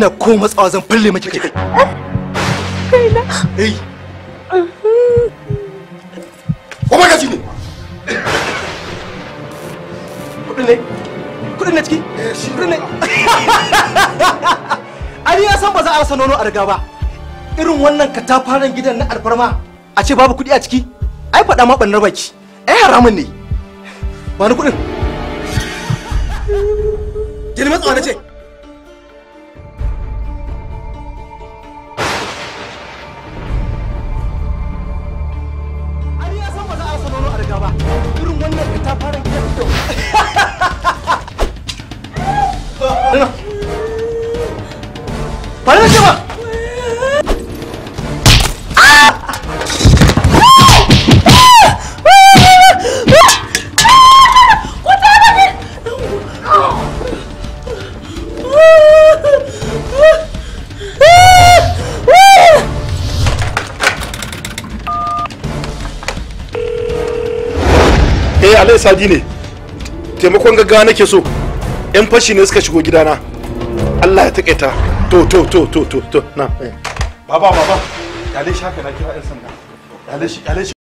ina ko matsawa zan fulle miki kai kaina eh kuma gaji ne kudin ne kudin ne ciki kudin eh, ne ani ya san ba za a rasa nono a riga ba irin wannan katafaren gidan na alfarma a ce babu kudi a ciki ai faɗa ma ɓannar baki ai haramun ne ba ni kudin Jini matsawa na ce, Para na eh, Sadi ne, taimakon gaggawa nake so, 'yan fashi ne suka shigo gidana, Allah ya taƙaita. to to to to to to na eh. baba baba yale na kira yan sanda yale shi yale shi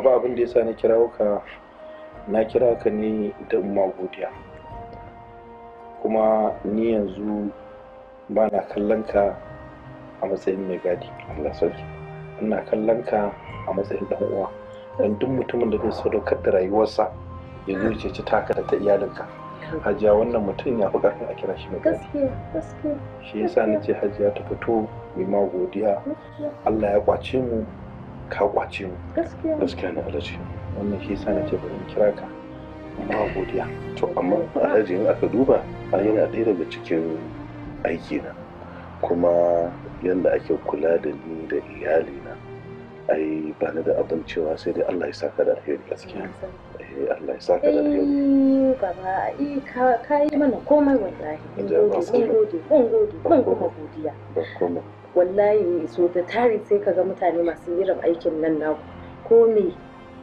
baba abin da ya na kira ka na kira ka ne da umma godiya kuma ni yanzu ba na kallon ka a matsayin mai gadi Allah sarki ina kallon ka a matsayin dan uwa dan duk mutumin da zai sadaukar da rayuwarsa ya zo ci taka da ta iyalinka hajiya wannan mutum ya fi karfin a kira shi mai gadi shi yasa na ce hajiya ta fito mai ma godiya Allah ya kwace mu ka kwace mu gaskiya gaskiya ne alhaji wannan shi yasa nake bari in kira ka amma godiya to amma alhaji in aka duba yana ɗaya daga cikin aiki na kuma yadda ake kula da ni da iyali na ai ba ni da abin cewa sai dai Allah ya saka da alheri gaskiya eh Allah ya saka da alheri eh, baba ai ka yi mana komai wallahi mun gode mun gode mun gode mun gode godiya wallahi so da tari sai ka ga mutane masu irin aikin nan naku ko me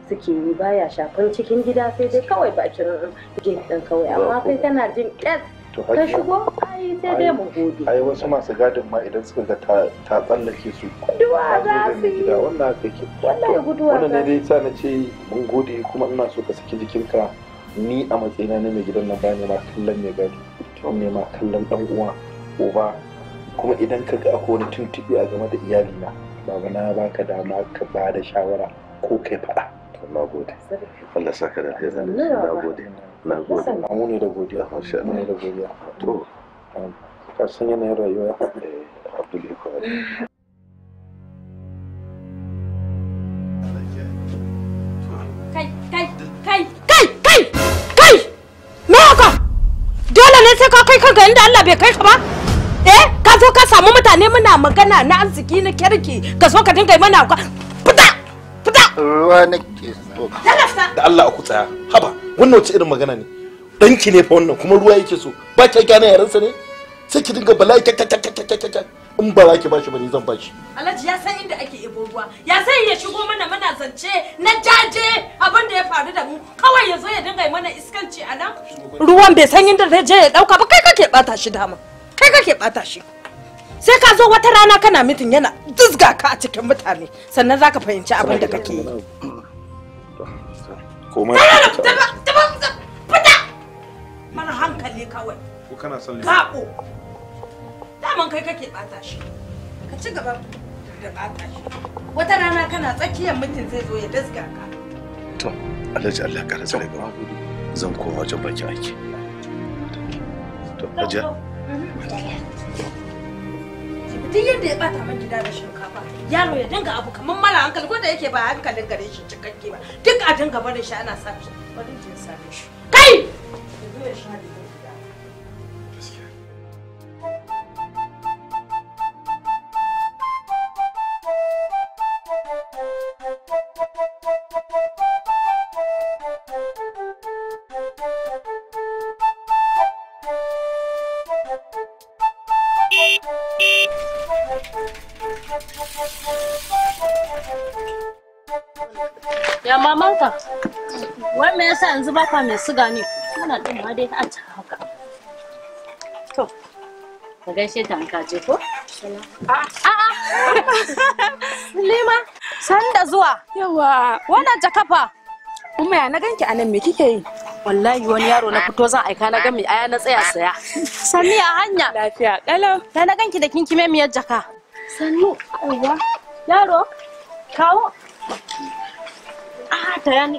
suke yi baya shafan cikin gida sai dai kawai bakin gate ɗin kawai amma kai kana jin ƙyas ka shigo ai sai dai mu gode ai wasu masu gadin ma idan suka ga ta tsallake su duwa za su yi wannan haka yake wallahi guduwa wannan ne dai sa na ce mun gode kuma ina so ka saki jikinka ni a matsayina na mai gidan nan ba ne ma kallon mai gado ne ma kallon dan uwa uba kuma idan ka ga akwai wani tuntuɓe a game da iyalina baba na baka dama ka ba da shawara ko kai faɗa na gode Allah saka da na gode na gode na da godiya masha Allah da godiya to ka san yanayin rayuwa eh, Abdul kai kai kai kai kai dole ne sai ka kai kai inda Allah bai kai ka ba zo ka samu mutane muna magana na arziki na kirki ka zo ka dinga mana fita fita ruwa na ke so da Allah a ku tsaya haba wannan wace irin magana ne danki ne fa wannan kuma ruwa yake so ba ki gane sa ne sai ki dinga bala'i ta ta ta ta ta in ba za ki bashi ba ni zan bashi Alhaji ya san inda ake ibo ruwa ya san ya shigo mana mana zance na jaje abin da ya faru da mu kawai ya zo ya dinga mana iskanci a nan ruwan bai san inda zai je ya dauka ba kai kake bata shi dama kai kake bata shi sai ka zo wata rana kana mitin yana dizga ka a cikin mutane sannan za ka fahimci abin da kake yi fita mara hankali kawai ko kana son gabo daman kai kake bata shi ka ci gaba da bata shi wata rana kana tsakiyar mutum zai zo ya dizga ka to Allah zan koma wajen baki aiki to hajiya mhm. duk yadda ya bata min gida da shinkafa yaro ya dinga abu kamar mara hankali ko da yake ba hankalin gare shi cikakke ba duk a dinga barin shi ana sa shi barin shi sa shi kai yanzu ya sha yanzu ba ka mai siga ne kana ɗin ma dai a ta haka to ka gaishe ta ka je ko a'a Lima sanda zuwa yawa wannan jakafa kuma ya na ganki anan me kike yi? Wallahi wani yaro na fito zan aika na ga mai aya na tsaya saya. sami a hanya. Lafiya kalau. ta na ganki da kinkime miyar jaka. Sannu aiwa. Yaro kawo. a ta yani.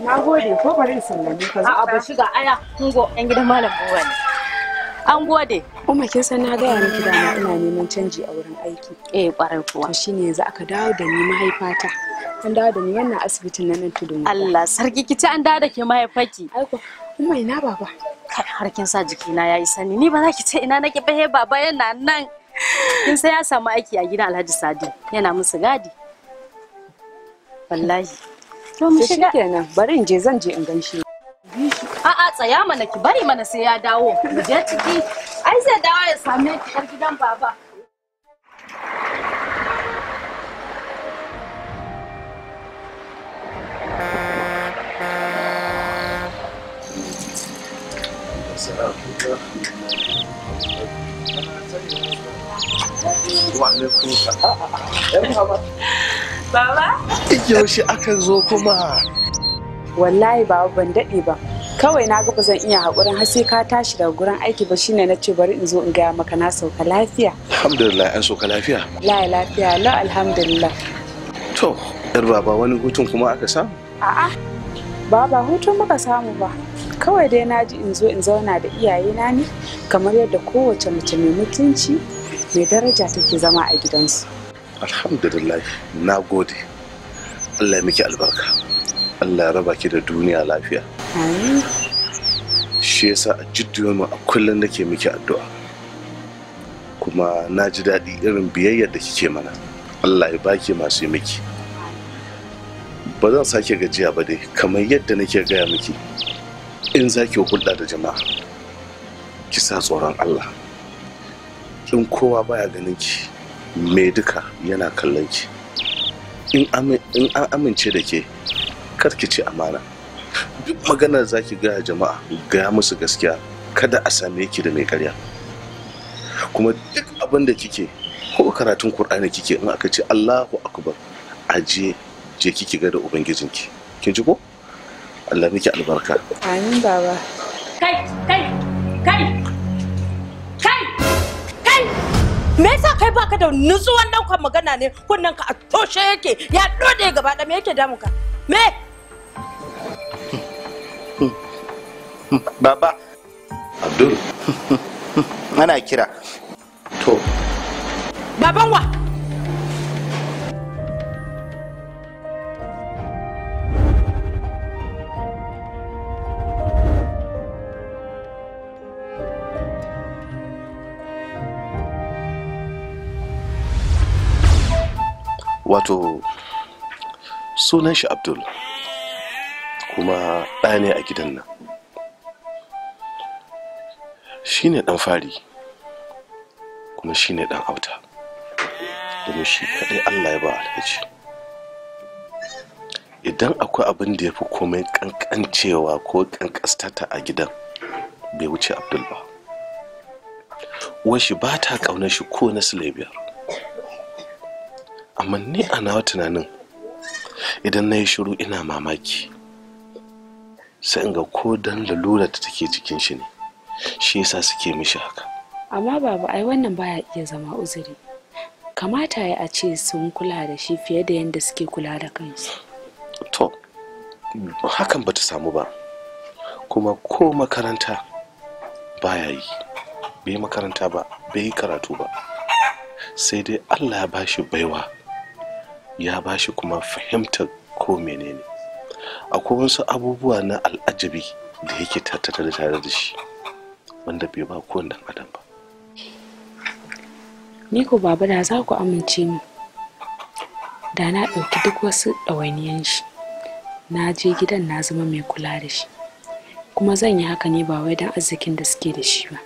Na gode ko bari in sallame ka. A'a ba shiga aya ungo ɗan gidan malam Buwa ne. An gode. Umma kin san na gaya miki dama ina neman canji a wurin aiki. Eh kwarai kuwa. To shine yanzu aka dawo da ni mahaifata. An dawo da ni wannan asibitin na nan tudun. Allah sarki kici an dawo da ke mahaifaki. Aiko Umma ina baba. Kai har kin sa jikina yayi sani ni ba za ki ce ina nake bahe baba yana nan. Kin sai ya samu aiki a gidan Alhaji Sadi yana musu gadi. Wallahi. To mu shiga kenan bari in je zan je in ganshi. A'a tsaya mana ki bari mana sai ya dawo. Mu je ciki. Ai zai dawo ya same ki har gidan baba. Wa alaikum salam. Baba? Yaushe aka zo kuma? Wallahi baba ban daɗe ba. Kawai na gaba zan iya haƙurin har sai ka tashi daga gurin aiki ba shine na ce bari in zo in gaya maka na sauka lafiya. Alhamdulillah an sauka lafiya. La lafiya la alhamdulillah. To, yar baba wani hutun kuma aka samu? A'a. Baba hutun muka samu ba. Kawai dai na ji in zo in zauna da iyayena ne kamar yadda kowace mace mai mutunci mai daraja take zama a gidansu. alhamdulillah na gode allah ya miki albarka allah ya raba ki da duniya lafiya shi yasa a mu a kullum nake miki addu'a kuma na ji daɗi irin biyayyar da kike mana allah ya baki masu yi miki ba zan sake gajiya ba dai kamar yadda nake gaya miki in za ki hulɗa da jama'a ki sa tsoron allah in kowa baya ganin ki Mai duka yana kallon ki in an amince da ke ki ci amana duk maganar za ki gaya jama'a gaya musu gaskiya kada a same ki da mai karya kuma duk abin da kike ko karatun kur'ani kike in aka ce allahu akbar aje je kike ga da ubangijinki kin ji ko allah miki albarka amin baba kai kai kai me yasa kai baka da nutsuwan daukan magana ne kunnen ka a toshe yake ya dode gaba da me yake damu ka me baba abdul ana kira to baban wa wato sunan shi abdul kuma ɗa ne a gidan nan shi ne ɗan fari kuma shi ne ɗan auta domin shi kaɗai allah ya ba alhaji idan akwai abin da ya fi komai ƙanƙancewa ko kankastata a gidan bai wuce abdul ba uwar shi ba ta ƙaunar shi ko na silabiyar amma ni a nawa tunanin idan na yi shiru ina mamaki sai in ga ko dan lalura da take cikin shi ne shi yasa suke mishi haka amma baba ai wannan baya iya zama uzuri kamata ya a ce sun kula da shi fiye da yadda suke kula da kansu to hakan bata samu ba kuma ko makaranta baya yi bai makaranta ba bai karatu ba sai dai allah ya bashi baiwa ya ba shi kuma fahimtar ko menene akwai wasu abubuwa na al'ajabi da yake tattare da tare da shi wanda bai ba kowane dan adam ba ni ko baba da za ku amince ni da na ɗauki duk wasu ɗawainiyan shi na je gidan na zama mai kula da shi kuma zan yi haka ne ba wai don arzikin da suke da shi ba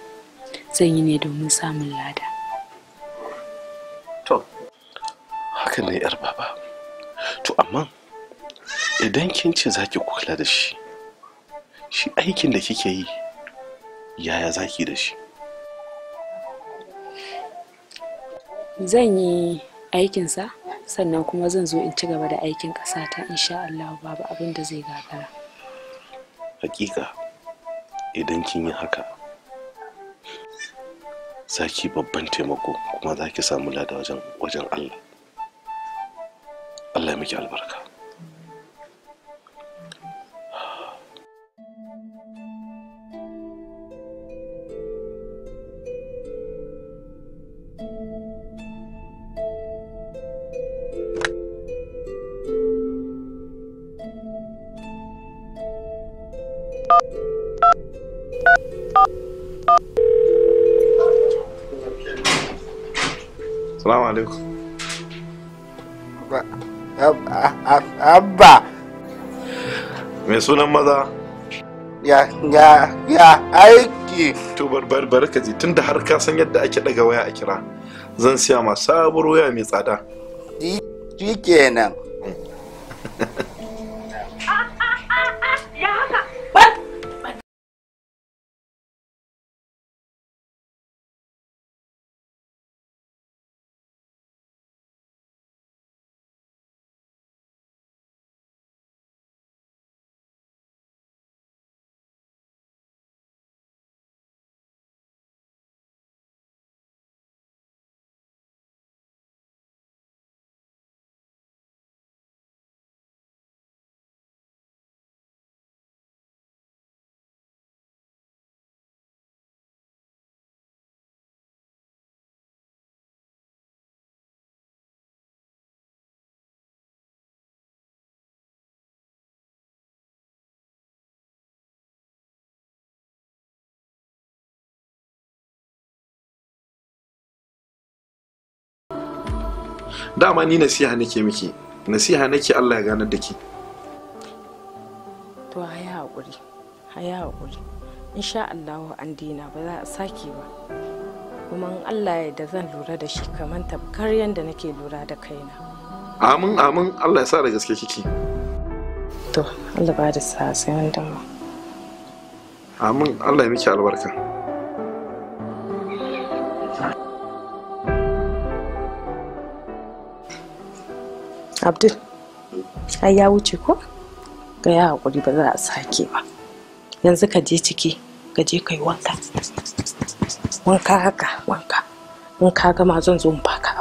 zan yi ne domin samun lada haka ne yar baba to amma idan kin ce za kula da shi shi aikin da kike yi yaya za ki da shi zan yi aikinsa sannan kuma zan zo in ci gaba da aikin ƙasata insha Allah babu abin da zai gagara hakika idan kin yi haka za ki babban taimako kuma za ki samu lada wajen Allah Allah ya miki albarka Salamu alaikum. abba mai sunan maza ya ya ya aiki to barbar tunda har ka san yadda ake daga waya a kira zan siya ma sabuwar waya mai tsada shikenan dama ni nasiha nake miki nasiha nake Allah ya ganar da ki to haya hakuri haya hakuri insha Allah an dina ba za a sake ba kuma in Allah ya da zan lura da shi kamar tabkar yadda nake lura da kaina amin amin Allah ya sa da gaske kike to Allah ba da sa sai wanda amin Allah ya miki albarka abdul ai ya wuce ko ga ya hakuri ba za a sake ba yanzu ka je ciki ka je kai wanka wanka haka wanka in ka gama zan zo in baka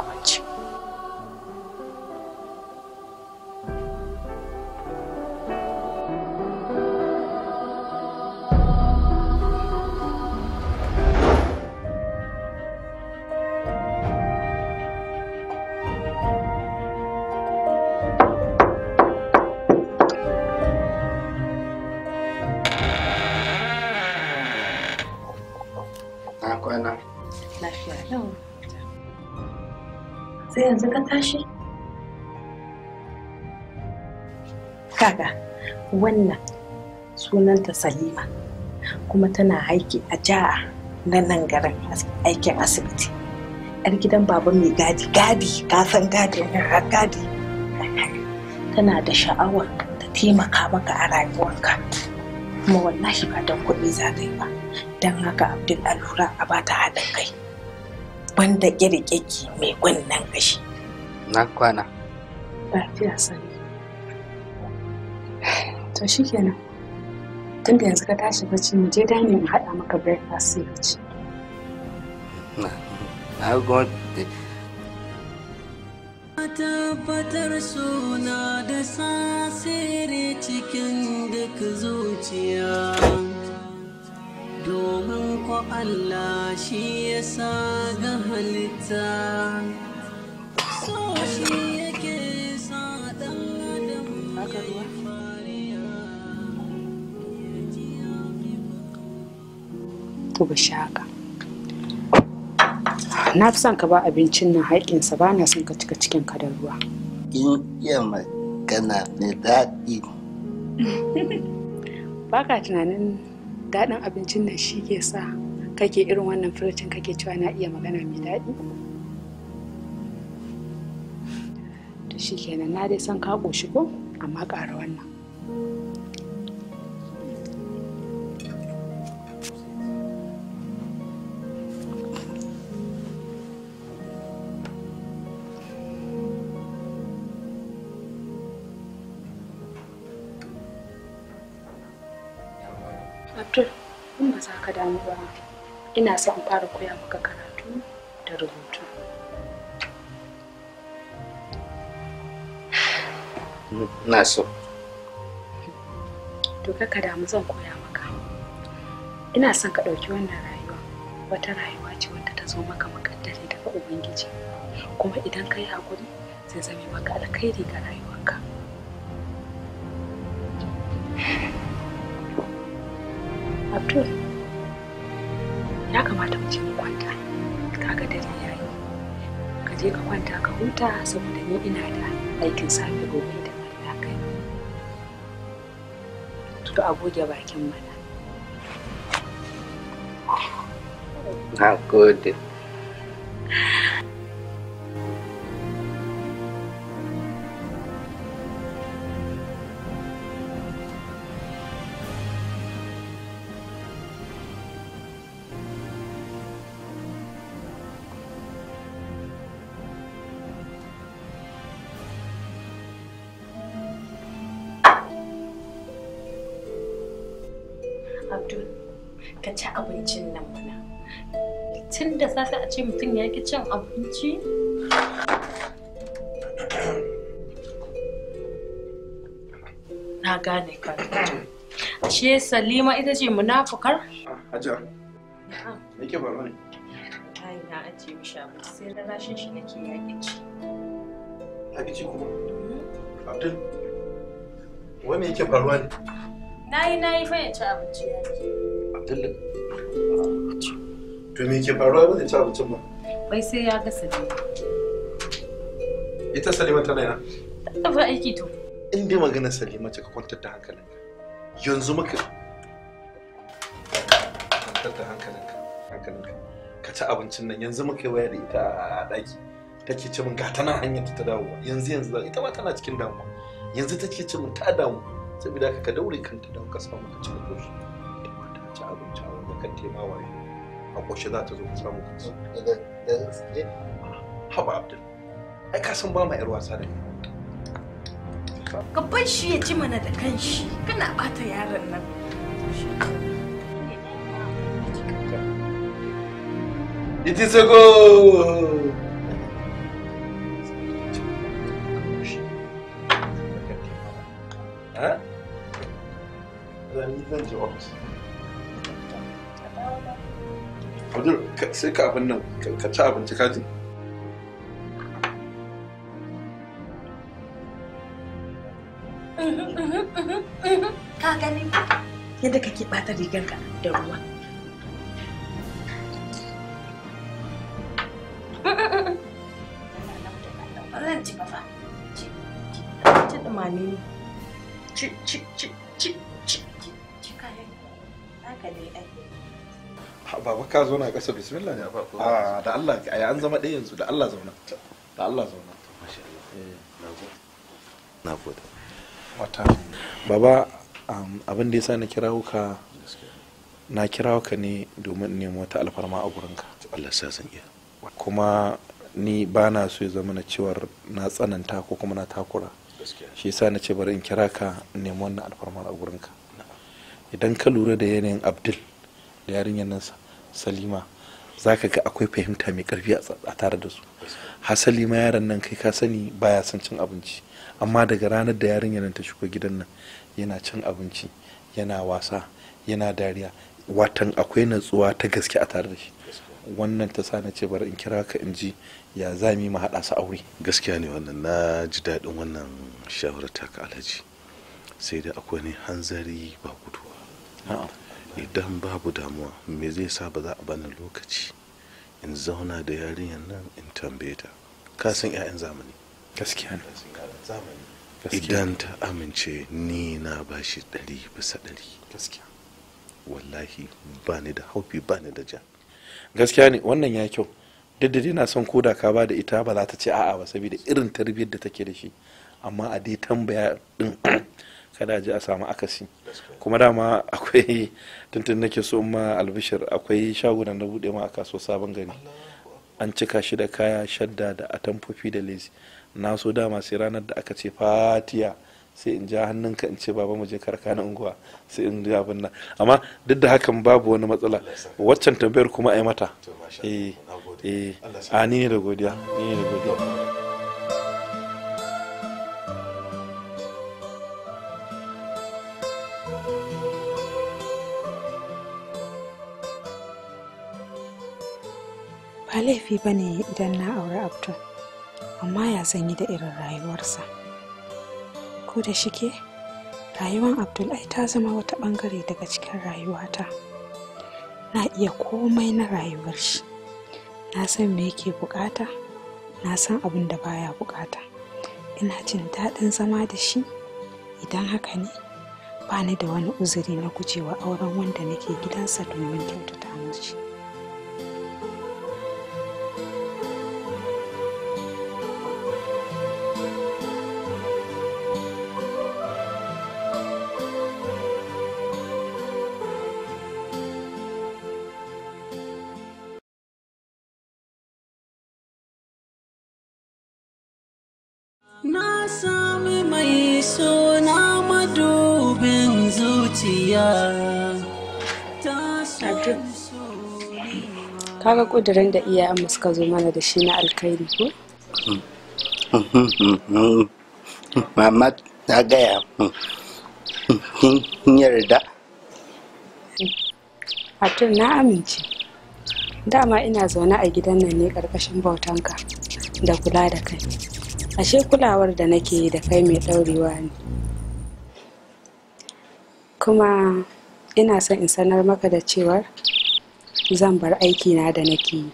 ka tashi kaga wannan sunanta salima kuma tana aiki a jiha na nan garin aikin asibiti yar gidan baba mai gadi gadi kasan gadi gadi tana da sha'awa ta taimaka maka a rayuwarka kuma wallahi ba don kuɗi za ta yi ba don haka abdul alura a bata haɗin kai banda ƙirƙiƙi mai gwannan gashi nan kwana. Lafiya sani. To kenan Tunda yanzu ka tashi bacci mu je dani in haɗa maka breakfast sai ka ci. Na. Na gode. tabbatar suna da sasere cikin duk zuciya domin ko Allah shi ya sa ga halitta to ba na fi son ka ba abincin nan haƙƙinsa ba na son ka cika cikin ka da ruwa in iya magana mai daɗi ba ka tunanin daɗin abincin nan shi ke sa kake irin wannan furucin kake cewa na iya magana mai daɗi to shi kenan na dai son ka ƙoshi ko amma ƙara wannan Abdul, in ba za ka damu ba, ina son in fara koya maka karatu da rubutu. Na so. To ka damu zan koya maka. Ina son ka ɗauki wannan rayuwa, wata rayuwa ce wanda ta zo maka makaddare daga Ubangiji. Kuma idan ka yi haƙuri, zai zame maka alkhairi ga rayuwarka. Yakamata ya kamata mu mu kwanta kaga dare ya yi ka je ka kwanta ka huta saboda ni ina da aikin safe gobe da Allah kai to a goge bakin mana na gode ki cin abinci? Na gane ka. Ashe Salima ita ce munafukar? Aja. Ah, ah. Me ke faruwa ne? Ai na ajiye mishi abu sai na rashin shi nake yaƙi ci. Yaƙi ci kuma? Hmm? Abdul. Wai me yake faruwa ne? Nayi nayi fa ya ci abinci yaƙi. Abdul. To me yake faruwa ba zai ci abincin ba? bai sai ya ga Salima. Ita Salima tana yana? Ta ba aiki to. In dai magana Salima ta ka kwantar da hankalinka. Yanzu muka kwantar da hankalinka. Hankalinka. Ka ci abincin nan yanzu muka yi wayar da ita a ɗaki. Take ce min ga tana hanyar ta dawo, Yanzu yanzu za ita ma tana cikin damuwa. Yanzu take ce min ta damu. Saboda haka ka daure kanta da ka samu ka ci abinci. Ta ci abinci a wajen kan taimawa yau. a ƙoshe za ta zo ka samu daga tsire haba abdul ai ka san ba ma yar wasa da ni gaban shi ya ji mana da kanshi kana bata yaron nan it is a goal Ha? Ben gidince ofis. abdul sai kafin nan ka ci abinci ka ji ka gani yadda kake bata ka da ruwa ci ci ci baba ka zo na kasa bismillah ne a ah, da Allah ai an zama ɗaya yanzu da Allah zauna da Allah zauna masha Allah eh. na gode wata baba abin da yasa na kira ka na kira ka ne domin nemo ta alfarma a gurinka Allah sa san iya kuma ni ba na so ya zama na cewar na tsananta ko kuma na takura shi yasa na ce bari in kira ka nemo wannan alfarma a gurinka idan ka lura da yanayin abdul da yarinyar sa. salima za ka ga akwai fahimta mai karfi a tare da su hasali ma yaron nan kai ka sani baya son cin abinci amma daga ranar da yarinyar nan ta shigo gidan nan yana cin abinci yana wasa yana dariya watan akwai natsuwa ta gaske a tare da shi wannan ta sa na ce bari in kira ka in ji ya zami mu haɗa su aure gaskiya ne wannan na ji daɗin wannan shawarar ka alhaji sai da akwai ne hanzari ba guduwa idan babu damuwa me zai sa ba za a bani lokaci in zauna da yarinyar nan in tambaye ta ka san 'ya'yan zamani gaskiya ne idan ta amince ni na bashi shi ɗari bisa ɗari gaskiya wallahi ba ni da haufi ba ni da ja gaskiya ne wannan ya kyau duk da na son koda ka ba da ita ba za ta ce a'a ba saboda irin tarbiyyar da take da shi amma a dai tambaya din kada ji a samu akasi kuma dama akwai tuntun nake so ma albishir akwai shagunan da bude ma a kaso sabon gani. an cika shi da kaya shadda da atamfofi da lezi na so dama sai ranar da aka ce fatiya sai in ja hannunka in ce baba mu je karka na unguwa sai in ji abin nan amma duk da hakan babu wani matsala waccan tambayar kuma a yi mata eh eh a ne da godiya ni ne da godiya ba laifi ba ne idan na aure abdul amma ya san yi da irin rayuwarsa ko da shi ke rayuwar abdul ai ta zama wata bangare daga cikin rayuwata na iya komai na rayuwar shi na san me yake bukata na san abin da baya bukata ina jin daɗin zama da shi idan haka ne ba ni da wani uzuri na gujewa auren wanda nake gidansa domin kyautata mashi. zuciya kaga kudirin da iyayenmu suka zo mana da shi na alkhairi ko? mama ta gaya kin yarda hatun na amince dama ina zaune a gidan nan ne karkashin bautanka da kula da kai ashe kulawar da nake yi da kai mai daurewa ne kuma ina son in sanar maka da cewar zan bar aikina da nake yi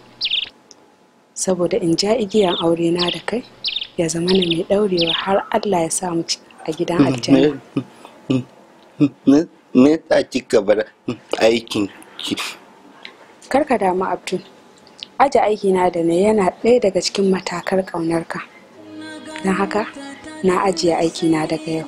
saboda in ja igiyan aure na da kai ya zama na mai daurewa har allah ya samu a gidan hmm, aljanna me ta hmm, hmm, kika bar aikin ki karka damu abdul aje aikina da ne yana ɗaya daga cikin matakar ƙaunarka don haka na ajiye aikina daga yau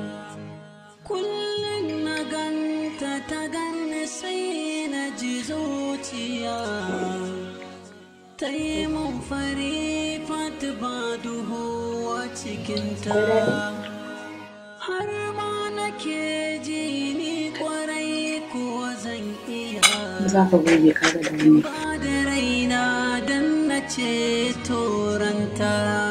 ta mun fari fata ba duhu a cikinta har ma nake ji ni kwarai kuwa zan iya za da raina don na ce toranta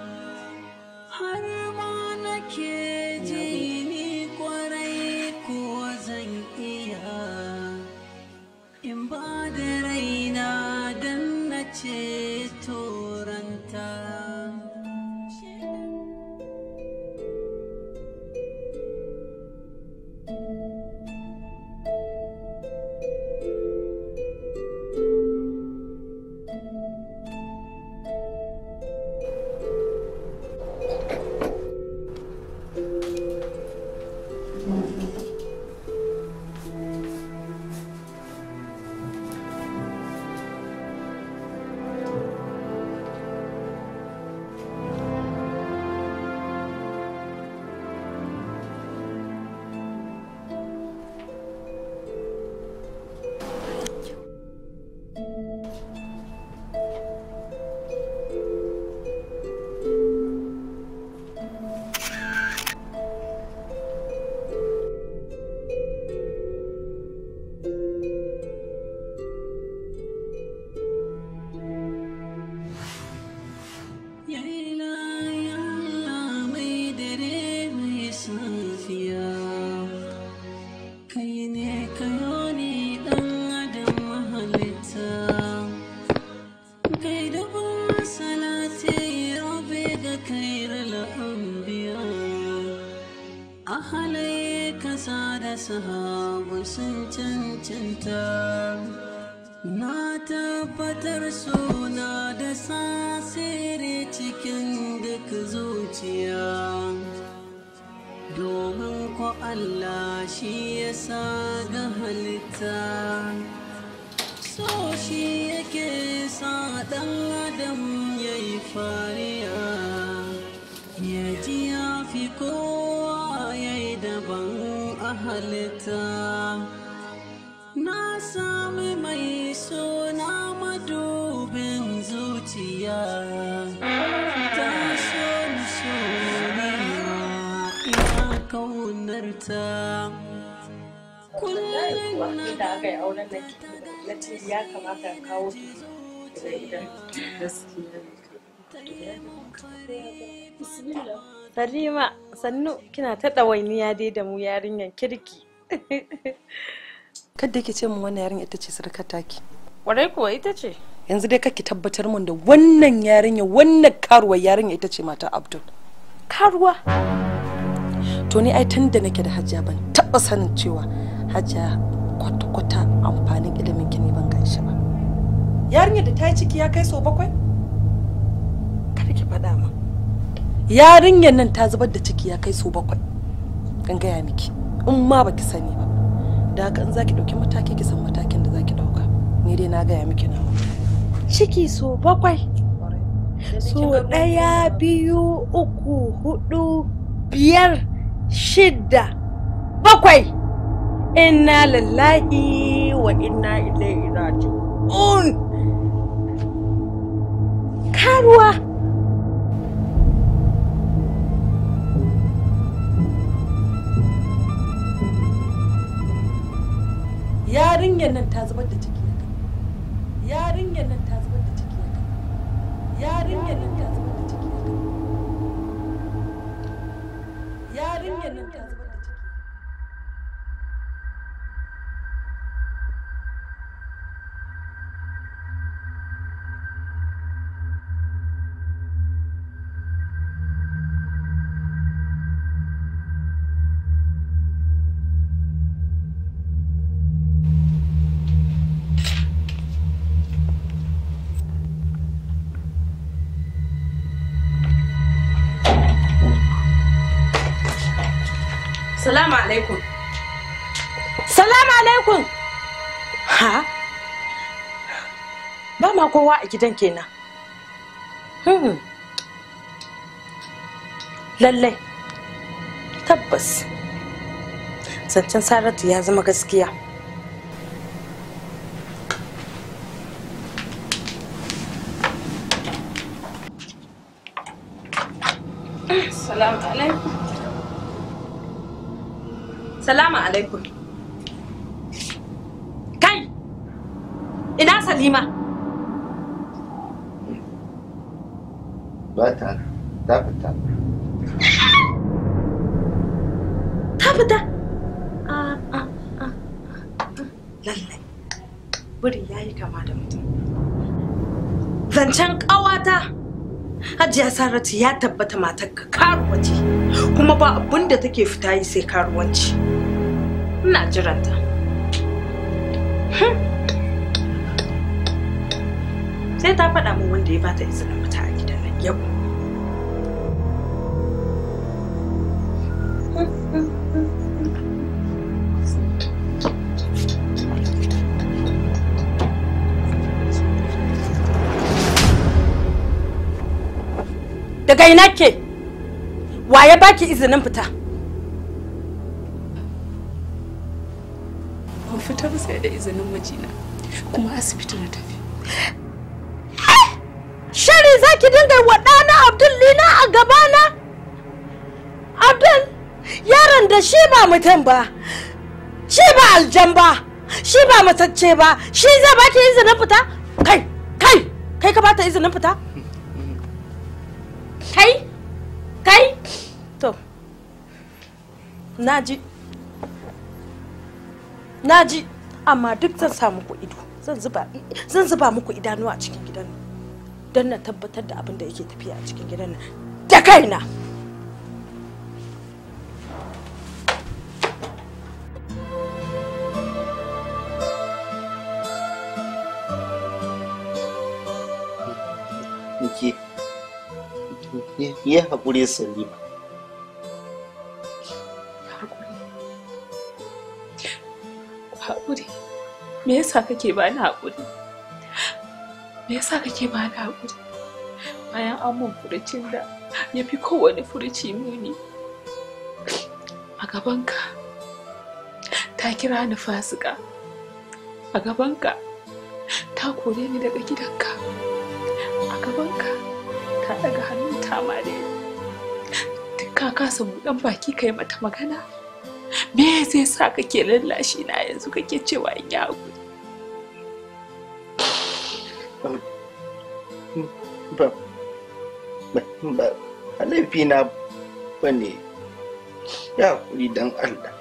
da aka yi auren nan na ce ya kamata ka kawo ki daga sannu kina ta ɗawainiya dai da mu yarinyar kirki. Kadda yake ce min wannan yarinya ita ce surkar taki. Warai kuwa ita ce. Yanzu dai kake tabbatar min da wannan yarinya wannan karuwar yarinya ita ce mata Abdul. Karuwa? To ni ai tun da nake da hajja ban taɓa sanin cewa hajja kwata-kwata amfanin ilimin ki ne ban gan shi ba yarinyar da ta yi ciki ya kai sau bakwai kada ki faɗa ma yarinyar nan ta zubar da ciki ya kai sau bakwai kan gaya miki in ma ba ki sani ba da haka in zaki ɗauki mataki ki san matakin da zaki ɗauka ni dai na gaya miki na ciki sau bakwai su ɗaya biyu uku hudu biyar shidda bakwai inna lillahi wa inna ilaihi raji'un karuwa yarinyar nan ta zubar da ciki yarinyar nan ta zubar da ciki yarinyar nan ta zubar da ciki yarinyar nan ta Salamu alaikum. Salamu alaikum. Ha? Ba ma kowa a gidan kenan. Hmm. Lallai. Tabbas. Zancen Saratu ya zama gaskiya. Salama alaikum. Kai! Ina Salima? Ba ta, ta fita. Ta fita? Ah, ah, ah, Lallai, buri ya yi kama da mutum. Zancen ƙawata Hajiya Saratu ya tabbata matar ka karuwa ce, kuma ba abin da take fita yi sai karuwanci. ina ta sai ta faɗa min wanda ya bata izinin fita a gidan nan yau daga ina ke wa ya baki izinin fita fita ba sai da izinin mijina kuma asibiti na tafi shari za ki dinga wa na abdul lina a gabana abdul yaron da shi ba mutum ba shi ba aljan ba shi ba matacce ba shi zai ba ta izinin fita kai kai kai ka ba ta izinin fita kai kai to na ji na ji amma duk zan sa muku ido zan zuba muku idanu a cikin gidan nan don na tabbatar da abin da yake tafiya a cikin gidan nan da kaina ya haƙure salima me yasa kake ba ni haƙuri me yasa kake ba ni haƙuri bayan an mun furucin da ya fi kowane furuci muni a gabanka ta kira ni fasika a gabanka ta kore ni daga gidanka a gabanka ta daga hannun tamare duk ka kasa buɗan baki kai mata magana me zai sa kake lallashi na yanzu kake cewa in yi haƙuri ba ba a laifina ba ne ya haƙuri don allah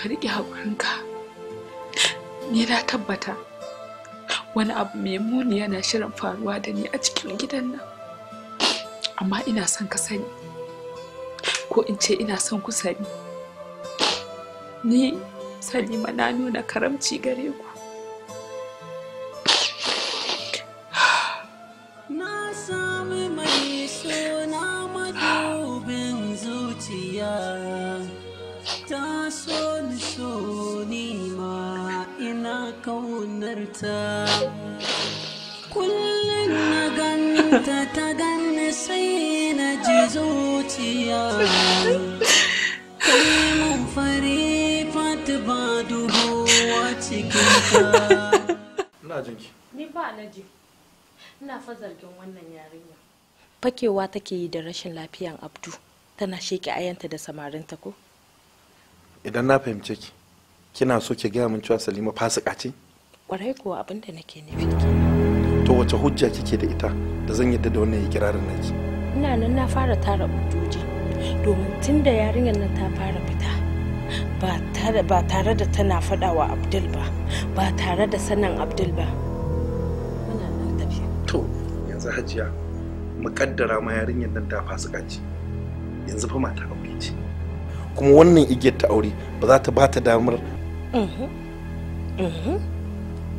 ka riƙe haƙurinka ni na tabbata wani abu mai muni yana shirin faruwa da ni a cikin gidan nan amma ina son ka sani ko in ce ina son ku sani ni salima na nuna karamci gare ku kullum na ganta ta ganta sai na ji zuciya kai mun fari dubu a cikin ka wannan fakewa take yi da rashin lafiyan abdu tana sheke ayanta da samarinta ko idan na fahimce ki kina so ki gaya min cewa salima fasika ce kwarai kuwa abinda nake nufi to wace hujja kike da ita da zan yadda da wannan ikirarin ji. ina nan na fara tara bujoji domin tun da yarinyar nan ta fara fita ba tare da tana faɗa wa abdul ba ba tare da sanin abdul ba muna nan tafiya to yanzu hajiya mukaddara ma yarinyar nan ta fasikanci yanzu fa mata aure ce kuma wannan igiyar ta aure ba za ta ba ta damar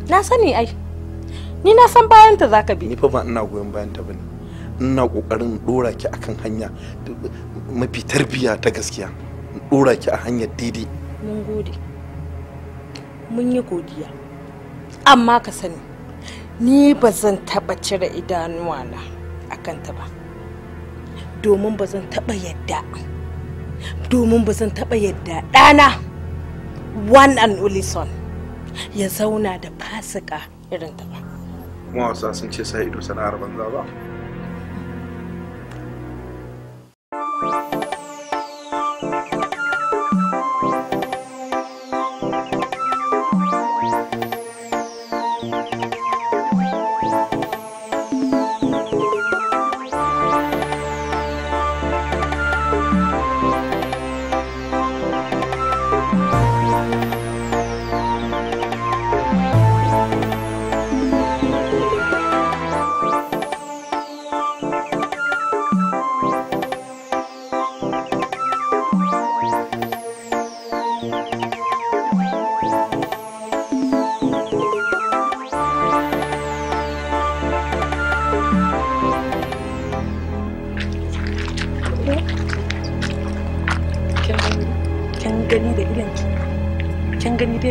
na sani ai ni na san bayan ta zaka bi ni fa ba ina goyon bayan ta bane ina kokarin dora ki akan hanya mafi tarbiya ta gaskiya dora ki a hanyar daidai mun gode mun yi godiya amma ka sani ni ba zan taba cire idanuwana a kanta ba domin ba zan taba yadda domin ba zan taba yadda dana one and only son ya zauna da fasika irin ta ba kuma wasa sun ce sa ido sana'ar banza ba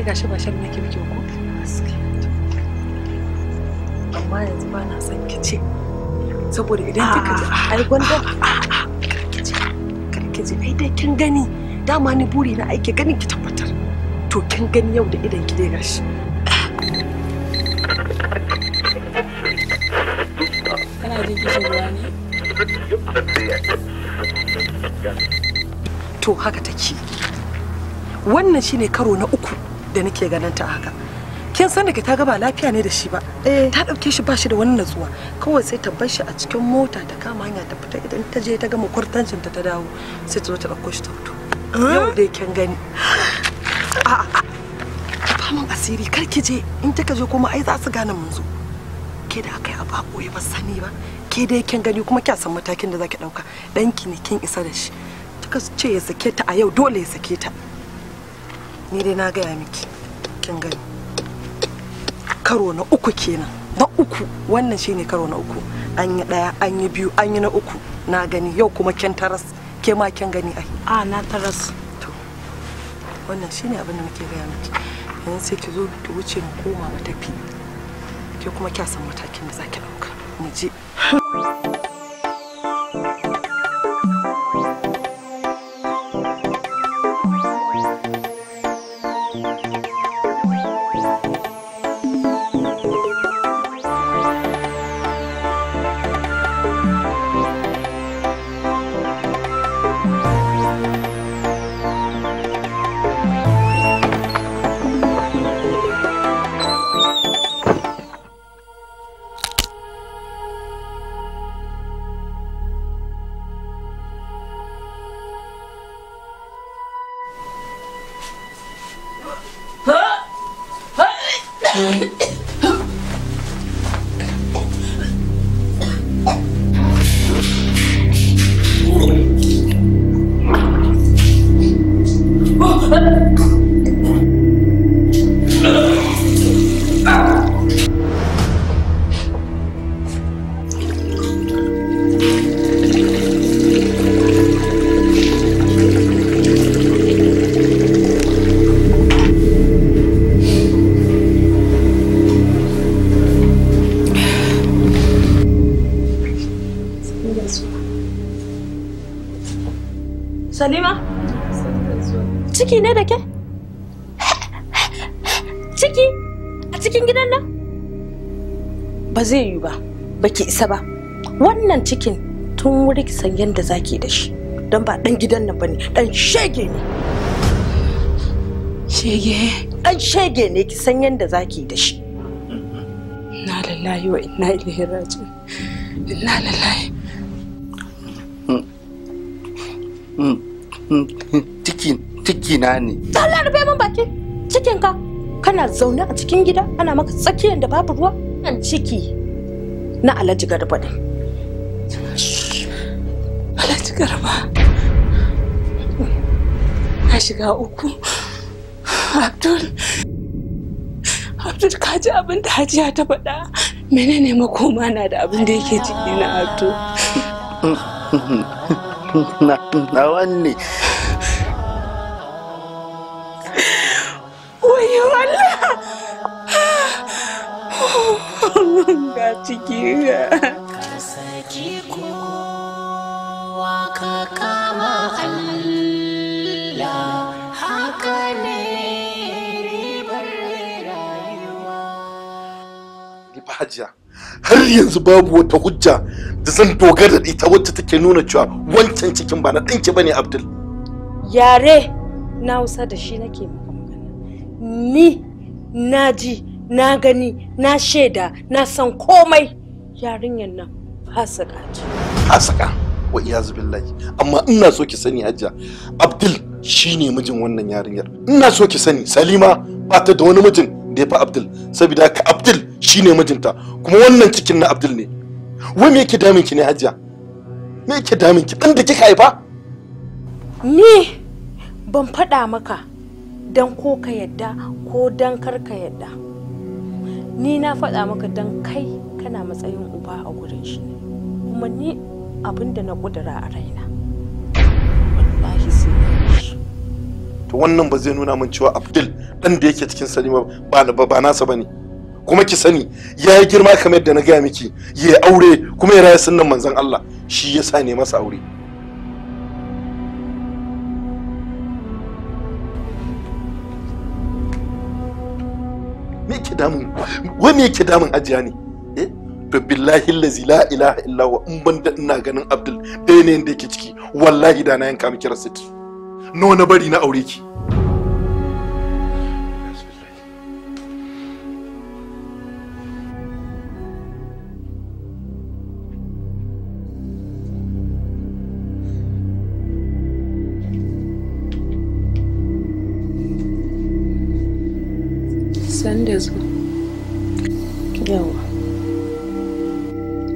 dai gashi ba shan nake miki ko amma yanzu ba na son kice saboda idan kika ji ai gwanda kike ji ai dai kin gani dama ni buri na aike ganin ki tabbatar to kin gani yau da idan ki dai gashi kana jin ruwa ne to haka take wannan shine karo na uku da nake ganin ta haka kin san da ta ga ba lafiya ne da shi ba eh. ta dauke shi ba da wani natsuwa kawai sai ta bar shi a cikin mota ta kama hanya ta fita idan ta je ta gama kwartancin ta ta dawo sai ta zo ta dauko shi ta fito ah. yau dai kin gani a a mun asiri kar ki je in ta ka je kuma ai za su gane mun zo ke da aka yi a koyi ba sani ba ke dai kin gani kuma kya san matakin da zaki dauka danki ne kin isa da shi ka ce ya sake ta a yau dole ya sake ta ni dai na gaya miki kin gani karo na uku kenan na uku wannan shine karo na uku an yi daya an yi biyu an yi na uku na gani yau kuma kin taras ke ma kin gani ai a na taras to wannan shine abin da muke gaya miki yanzu sai ki zo ki wuce mu koma mu tafi ke kuma kya san matakin da zaki dauka mu je Salima? Ciki ne da ke? Ciki? A cikin gidan nan? Ba zai yi ba, ki isa ba. Wannan cikin tun wuri san yadda zaki da shi. Don ba ɗan gidan nan ba ne, ɗan shege ne. Shege? Ɗan shege ne ki san yadda zaki da shi. Inna lillahi wa inna ilaihi raji'un. Inna lillahi. ciki na ne Allah rufe min baki cikinka kana zaune a cikin gida ana maka tsakiyar da babu ruwa an ciki na Alhaji Garba ne Alhaji Garba na shiga uku Abdul Abdul ka ji abin da Hajiya ta faɗa menene makoma na da abin da yake ciki na Abdul na wanne wayo Allah ga ciki saki kowa ka kama Allah haka ne ribar har yanzu babu wata hujja da zan dogara da ita wacce take nuna cewa wancan cikin ba na ɗanki ba ne abdul yare na hausa da shi nake ni na ji na gani na shaida na san komai yarinyar nan fasaka ce fasaka wa iyazu billahi amma ina so ki sani hajja abdul shine mijin wannan yarinyar ina so ki sani salima ba ta da wani mijin da ya abdul saboda ka abdul shine mijinta kuma wannan cikin na abdul ne wai me yake damin ki ne hajiya me yake damin ki dan da kika haifa ni ban faɗa maka dan ko ka yadda ko dan kar ka yadda ni na faɗa maka dan kai kana matsayin uba a gurin shi kuma ni abin da na ƙudura a raina wallahi sai to wannan ba zai nuna min cewa abdul dan da yake cikin salima ba ba nasa bane kuma ki sani ya yi girma kamar yadda na gaya miki ya aure kuma ya raya sunnan manzan Allah shi ya sa ne masa aure me ke damun wai me ke damun ajiya ne eh billahi allazi la ilaha illa wa in banda ina ganin Abdul dai ne yake ciki wallahi da na yanka miki rasit nawa na bari na aure ki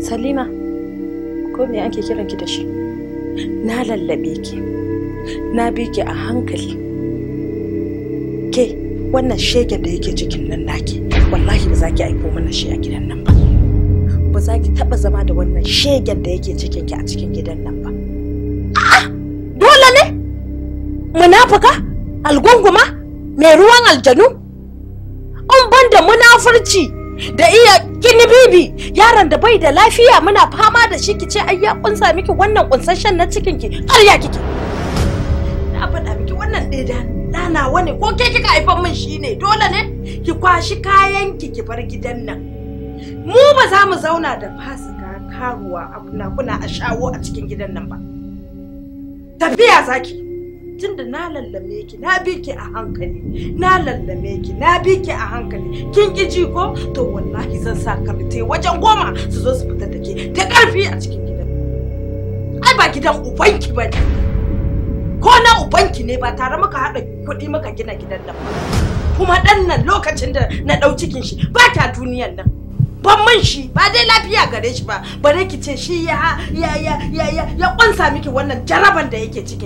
salima ko me ake kiran ki da shi na lallabe ki na bi ki a hankali ke wannan shegen da yake cikin nan naki wallahi ba za ki aiko mana shi a gidan nan ba ba za ki taba zama da wannan shegen da yake cikin ki a cikin gidan nan ba dole ne munafuka algunguma mai ruwan aljanu mutunci da iya kini bibi yaron da bai da lafiya muna fama da shi ki ce ai ya kunsa miki wannan kunsashen na cikin ki ƙarya kike na faɗa miki wannan ɗaya nawa wani ko ke kika haifan min shi ne dole ne ki kwashi kayan ki ki bar gidan nan mu ba za mu zauna da fasika karuwa a kuna a shawo a cikin gidan nan ba tafiya zaki tunda na lallame ki na bi ki a hankali na lallame ki na bi ki a hankali kin ki ji ko to wallahi zan sa mutai wajen goma su zo su fita take ta karfi a cikin gidan ai ba gidan ubanki ba ne ko na ubanki ne ba tare maka hada kuɗi maka gina gidan nan ba kuma dan nan lokacin da na dau cikin shi ba ta duniyan nan ban man shi ba dai lafiya gare shi ba bare ki ce shi ya ya ya ya ya kwansa miki wannan jaraban da yake ciki